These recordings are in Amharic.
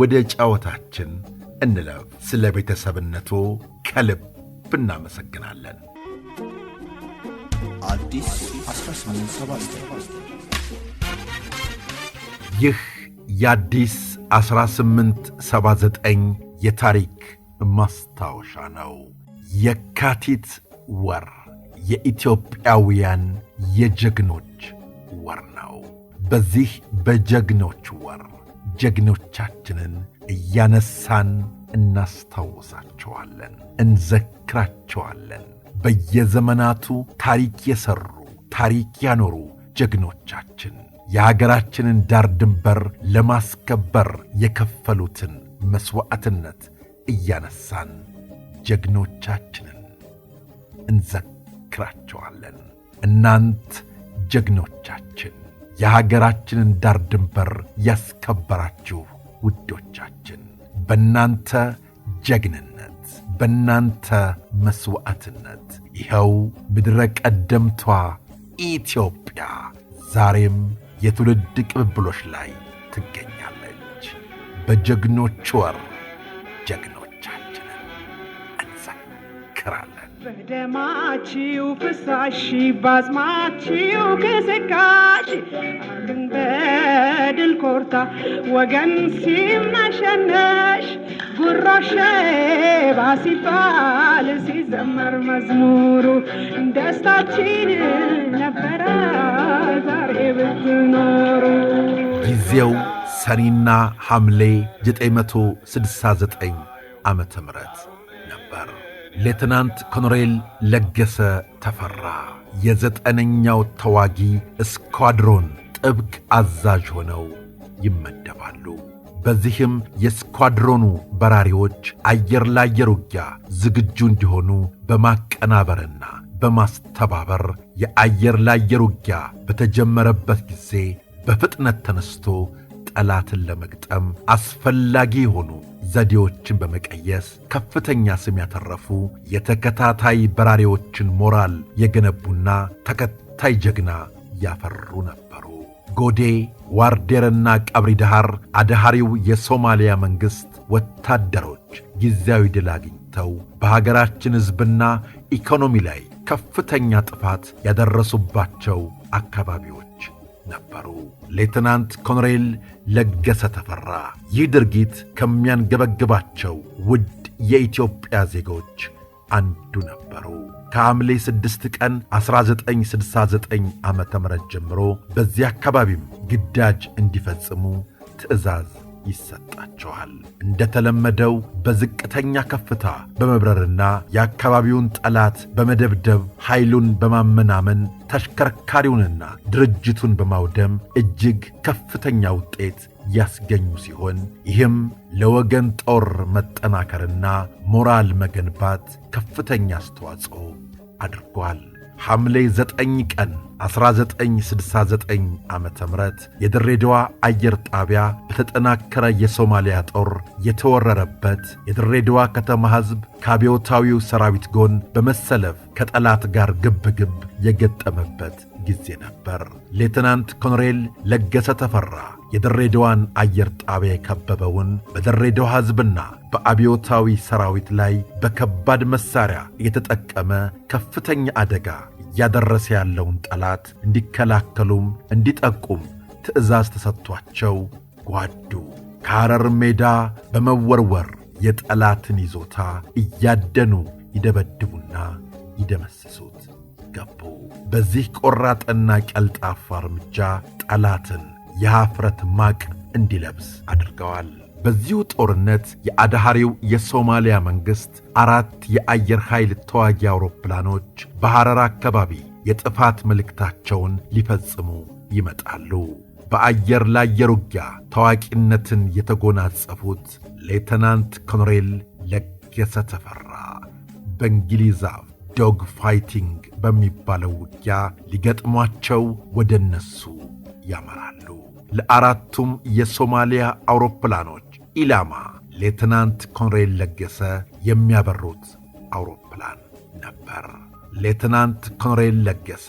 ወደ ጫወታችን እንለፍ። ስለ ቤተሰብነቱ ከልብ እናመሰግናለን። ይህ የአዲስ 1879 የታሪክ ማስታወሻ ነው። የካቲት ወር የኢትዮጵያውያን የጀግኖች ወር ነው። በዚህ በጀግኖች ወር ጀግኖቻችንን እያነሳን እናስታውሳቸዋለን፣ እንዘክራቸዋለን። በየዘመናቱ ታሪክ የሠሩ ታሪክ ያኖሩ ጀግኖቻችን የሀገራችንን ዳር ድንበር ለማስከበር የከፈሉትን መሥዋዕትነት እያነሳን ጀግኖቻችንን እንዘክራቸዋለን። እናንት ጀግኖቻችን የሀገራችንን ዳር ድንበር ያስከበራችሁ ውዶቻችን በእናንተ ጀግንነት በእናንተ መሥዋዕትነት ይኸው ምድረ ቀደምቷ ኢትዮጵያ ዛሬም የትውልድ ቅብብሎች ላይ ትገኛለች። በጀግኖች ወር ጀግኖቻችንን እንዘክራለን። በደማችው ፍሳሽ ባዝማችው ክስቃሽ አለም በድል ኮርታ ወገን ሲምናሸነሽ ጉራሸ ባሲባል ሲዘመር መዝሙሩ ደስታችን ነበረ ዛሬ ብትኖሩ ጊዜው ሰኔና ሐምሌ 969 ዓመተ ምሕረት ነበር። ሌትናንት ኮሎኔል ለገሰ ተፈራ የዘጠነኛው ተዋጊ ስኳድሮን ጥብቅ አዛዥ ሆነው ይመደባሉ። በዚህም የስኳድሮኑ በራሪዎች አየር ለአየር ውጊያ ዝግጁ እንዲሆኑ በማቀናበርና በማስተባበር የአየር ለአየር ውጊያ በተጀመረበት ጊዜ በፍጥነት ተነስቶ ጠላትን ለመግጠም አስፈላጊ የሆኑ ዘዴዎችን በመቀየስ ከፍተኛ ስም ያተረፉ የተከታታይ በራሪዎችን ሞራል የገነቡና ተከታይ ጀግና ያፈሩ ነበሩ። ጎዴ ዋርዴርና ቀብሪ ዳሃር አድሃሪው የሶማሊያ መንግሥት ወታደሮች ጊዜያዊ ድል አግኝተው በሀገራችን ሕዝብና ኢኮኖሚ ላይ ከፍተኛ ጥፋት ያደረሱባቸው አካባቢዎች ነበሩ። ሌትናንት ኮሎኔል ለገሰ ተፈራ ይህ ድርጊት ከሚያንገበግባቸው ውድ የኢትዮጵያ ዜጎች አንዱ ነበሩ። ከሐምሌ 6 ቀን 1969 ዓ ም ጀምሮ በዚህ አካባቢም ግዳጅ እንዲፈጽሙ ትዕዛዝ ይሰጣቸዋል። እንደተለመደው በዝቅተኛ ከፍታ በመብረርና የአካባቢውን ጠላት በመደብደብ ኃይሉን በማመናመን ተሽከርካሪውንና ድርጅቱን በማውደም እጅግ ከፍተኛ ውጤት ያስገኙ ሲሆን ይህም ለወገን ጦር መጠናከርና ሞራል መገንባት ከፍተኛ አስተዋጽኦ አድርጓል። ሐምሌ 9 ቀን 1969 ዓ ም የድሬዳዋ አየር ጣቢያ በተጠናከረ የሶማሊያ ጦር የተወረረበት የድሬዳዋ ከተማ ሕዝብ ከአብዮታዊው ሰራዊት ጎን በመሰለፍ ከጠላት ጋር ግብ ግብ የገጠመበት ጊዜ ነበር። ሌትናንት ኮሎኔል ለገሰ ተፈራ የድሬዳዋን አየር ጣቢያ የከበበውን በድሬዳዋ ሕዝብና በአብዮታዊ ሰራዊት ላይ በከባድ መሣሪያ የተጠቀመ ከፍተኛ አደጋ እያደረሰ ያለውን ጠላት እንዲከላከሉም እንዲጠቁም ትዕዛዝ ተሰጥቷቸው ጓዱ ከሐረር ሜዳ በመወርወር የጠላትን ይዞታ እያደኑ ይደበድቡና ይደመስሱት ገቡ። በዚህ ቆራጥና ቀልጣፋ እርምጃ ጠላትን የሐፍረት ማቅ እንዲለብስ አድርገዋል። በዚሁ ጦርነት የአድሃሪው የሶማሊያ መንግሥት አራት የአየር ኃይል ተዋጊ አውሮፕላኖች በሐረር አካባቢ የጥፋት መልእክታቸውን ሊፈጽሙ ይመጣሉ። በአየር ለአየር ውጊያ ታዋቂነትን የተጎናጸፉት ሌተናንት ኮሎኔል ለገሰ ተፈራ በእንግሊዛ ዶግ ፋይቲንግ በሚባለው ውጊያ ሊገጥሟቸው ወደ እነሱ ያመራሉ። ለአራቱም የሶማሊያ አውሮፕላኖች ኢላማ ሌትናንት ኮንሬል ለገሰ የሚያበሩት አውሮፕላን ነበር። ሌትናንት ኮንሬል ለገሰ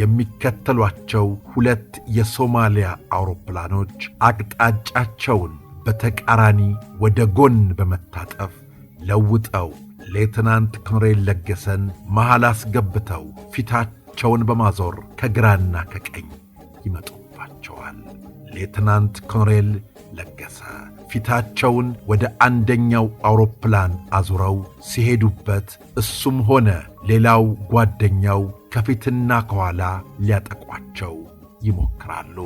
የሚከተሏቸው ሁለት የሶማሊያ አውሮፕላኖች አቅጣጫቸውን በተቃራኒ ወደ ጎን በመታጠፍ ለውጠው ሌትናንት ኮንሬል ለገሰን መሃል አስገብተው ፊታቸውን በማዞር ከግራና ከቀኝ ይመጡ ሌትናንት ኮሎኔል ለገሰ ፊታቸውን ወደ አንደኛው አውሮፕላን አዙረው ሲሄዱበት እሱም ሆነ ሌላው ጓደኛው ከፊትና ከኋላ ሊያጠቋቸው ይሞክራሉ።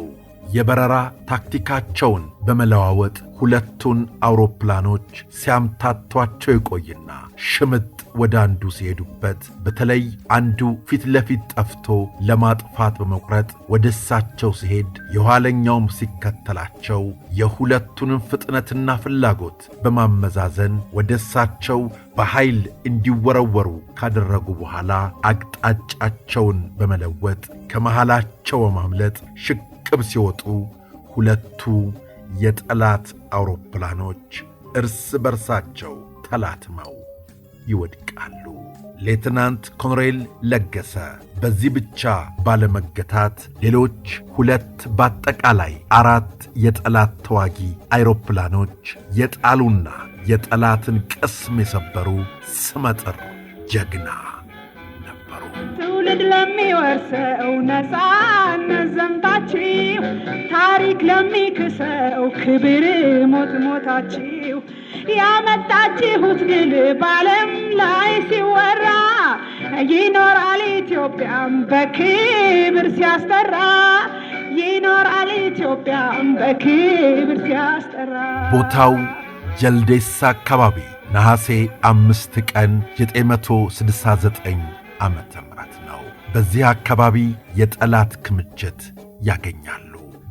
የበረራ ታክቲካቸውን በመለዋወጥ ሁለቱን አውሮፕላኖች ሲያምታቷቸው ይቆይና ሽምጥ ወደ አንዱ ሲሄዱበት በተለይ አንዱ ፊት ለፊት ጠፍቶ ለማጥፋት በመቁረጥ ወደ እሳቸው ሲሄድ የኋለኛውም ሲከተላቸው የሁለቱንም ፍጥነትና ፍላጎት በማመዛዘን ወደ እሳቸው በኃይል እንዲወረወሩ ካደረጉ በኋላ አቅጣጫቸውን በመለወጥ ከመሃላቸው በማምለጥ ሽግ ከጥቅም ሲወጡ ሁለቱ የጠላት አውሮፕላኖች እርስ በርሳቸው ተላትመው ይወድቃሉ። ሌትናንት ኮሎኔል ለገሰ በዚህ ብቻ ባለመገታት ሌሎች ሁለት በአጠቃላይ አራት የጠላት ተዋጊ አይሮፕላኖች የጣሉና የጠላትን ቅስም የሰበሩ ስመጥር ጀግና ነበሩ። ለሚወርሰው ነፃነት ዘምታችሁ ታሪክ ለሚክሰው ክብር ሞት ሞታችሁ ያመጣችሁት ድል በዓለም ላይ ሲወራ ይኖራል ኢትዮጵያም በክብር ሲያስጠራ ይኖራል ኢትዮጵያም በክብር ሲያስጠራ ቦታው ጀልዴሳ አካባቢ ነሐሴ አምስት ቀን 969 ዓመተ በዚህ አካባቢ የጠላት ክምችት ያገኛሉ።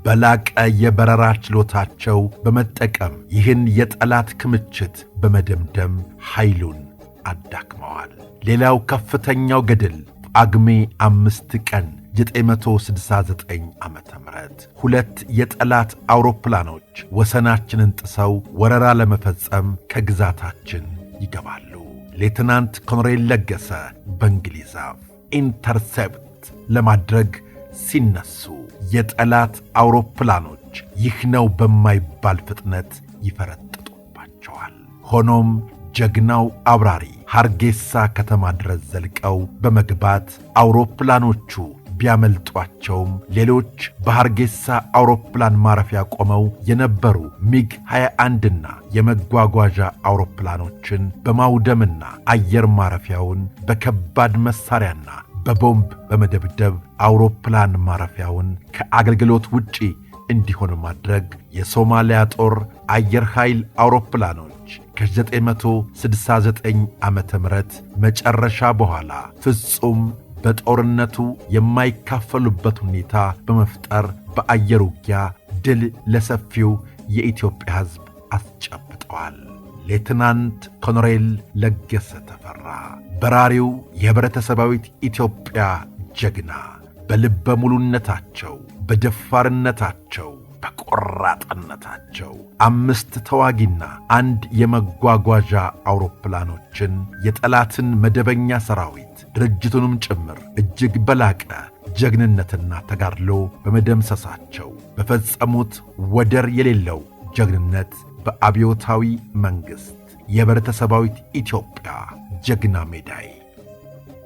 በላቀ የበረራ ችሎታቸው በመጠቀም ይህን የጠላት ክምችት በመደምደም ኃይሉን አዳክመዋል። ሌላው ከፍተኛው ገድል ጳጉሜ አምስት ቀን 969 ዓ ም ሁለት የጠላት አውሮፕላኖች ወሰናችንን ጥሰው ወረራ ለመፈጸም ከግዛታችን ይገባሉ። ሌትናንት ኮኖሬል ለገሰ በእንግሊዛፍ ኢንተርሴፕት ለማድረግ ሲነሱ የጠላት አውሮፕላኖች ይህ ነው በማይባል ፍጥነት ይፈረጥጡባቸዋል። ሆኖም ጀግናው አብራሪ ሀርጌሳ ከተማ ድረስ ዘልቀው በመግባት አውሮፕላኖቹ ቢያመልጧቸውም ሌሎች በሐርጌሳ አውሮፕላን ማረፊያ ቆመው የነበሩ ሚግ 21ና የመጓጓዣ አውሮፕላኖችን በማውደምና አየር ማረፊያውን በከባድ መሣሪያና በቦምብ በመደብደብ አውሮፕላን ማረፊያውን ከአገልግሎት ውጪ እንዲሆን ማድረግ የሶማሊያ ጦር አየር ኃይል አውሮፕላኖች ከ969 ዓ ም መጨረሻ በኋላ ፍጹም በጦርነቱ የማይካፈሉበት ሁኔታ በመፍጠር በአየር ውጊያ ድል ለሰፊው የኢትዮጵያ ሕዝብ አስጨብጠዋል። ሌትናንት ኮሎኔል ለገሰ ተፈራ በራሪው የኅብረተሰባዊት ኢትዮጵያ ጀግና በልበ ሙሉነታቸው፣ በደፋርነታቸው በቆራጥነታቸው አምስት ተዋጊና አንድ የመጓጓዣ አውሮፕላኖችን የጠላትን መደበኛ ሰራዊት ድርጅቱንም ጭምር እጅግ በላቀ ጀግንነትና ተጋድሎ በመደምሰሳቸው በፈጸሙት ወደር የሌለው ጀግንነት በአብዮታዊ መንግሥት የኅብረተሰባዊት ኢትዮጵያ ጀግና ሜዳይ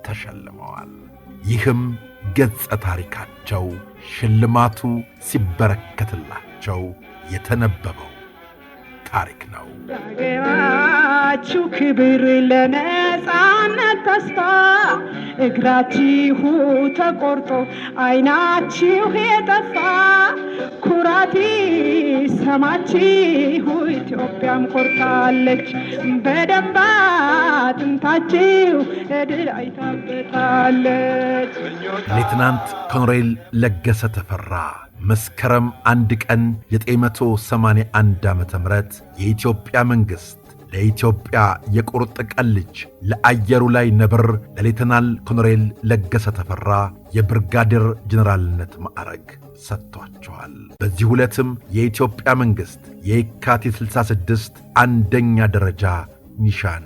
ተሸልመዋል። ይህም ገጸ ታሪካቸው ሽልማቱ ሲበረከትላቸው የተነበበው ታሪክ ነው። ሀገራችሁ ክብር ለነፃነት ተስፋ እግራችሁ ተቆርጦ አይናችሁ የጠፋ ኩራት ሰማችሁ ኢትዮጵያም ቆርጣለች በደንብ አጥንታችሁ እድል አይታበታለች። ሌትናንት ኮሎኔል ለገሰ ተፈራ መስከረም አንድ ቀን 981 ዓ ም የኢትዮጵያ መንግሥት ለኢትዮጵያ የቁርጥ ቀን ልጅ ለአየሩ ላይ ነብር ለሌተናል ኮሎኔል ለገሰ ተፈራ የብርጋዴር ጀኔራልነት ማዕረግ ሰጥቷቸዋል። በዚህ ዕለትም የኢትዮጵያ መንግሥት የየካቲት 66 አንደኛ ደረጃ ኒሻን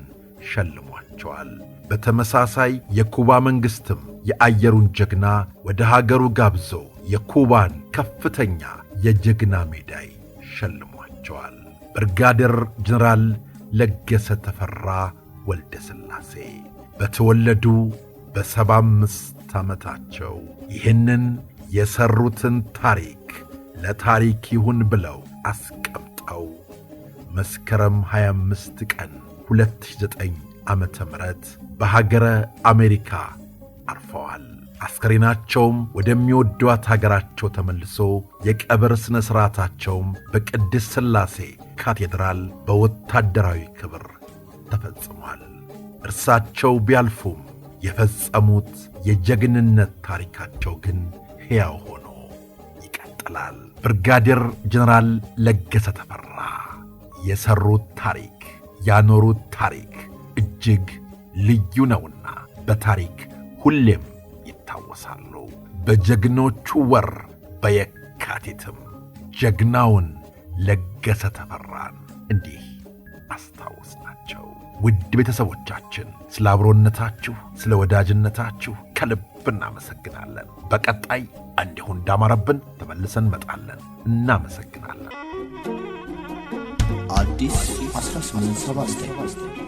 ሸልሟቸዋል። በተመሳሳይ የኩባ መንግሥትም የአየሩን ጀግና ወደ ሀገሩ ጋብዘው የኩባን ከፍተኛ የጀግና ሜዳይ ሸልሟቸዋል። ብርጋዴር ጀነራል ለገሰ ተፈራ ወልደ ሥላሴ በተወለዱ በሰባ አምስት ዓመታቸው ይህንን የሠሩትን ታሪክ ለታሪክ ይሁን ብለው አስቀምጠው መስከረም 25 ቀን 2009 ዓ ም በሀገረ አሜሪካ አርፈዋል። አስከሬናቸውም ወደሚወዷት ሀገራቸው ተመልሶ የቀብር ሥነ ሥርዓታቸውም በቅድስት ሥላሴ ካቴድራል በወታደራዊ ክብር ተፈጽሟል። እርሳቸው ቢያልፉም የፈጸሙት የጀግንነት ታሪካቸው ግን ሕያው ሆኖ ይቀጥላል። ብርጋዴር ጀነራል ለገሰ ተፈራ የሠሩት ታሪክ ያኖሩት ታሪክ እጅግ ልዩ ነውና በታሪክ ሁሌም ይታወሳሉ። በጀግኖቹ ወር በየካቲትም ጀግናውን ለገሰ ተፈራን እንዲህ አስታውስ ናቸው። ውድ ቤተሰቦቻችን ስለ አብሮነታችሁ፣ ስለ ወዳጅነታችሁ ከልብ እናመሰግናለን። በቀጣይ እንዲሁ እንዳማረብን ተመልሰን እንመጣለን። እናመሰግናለን። አዲስ 1879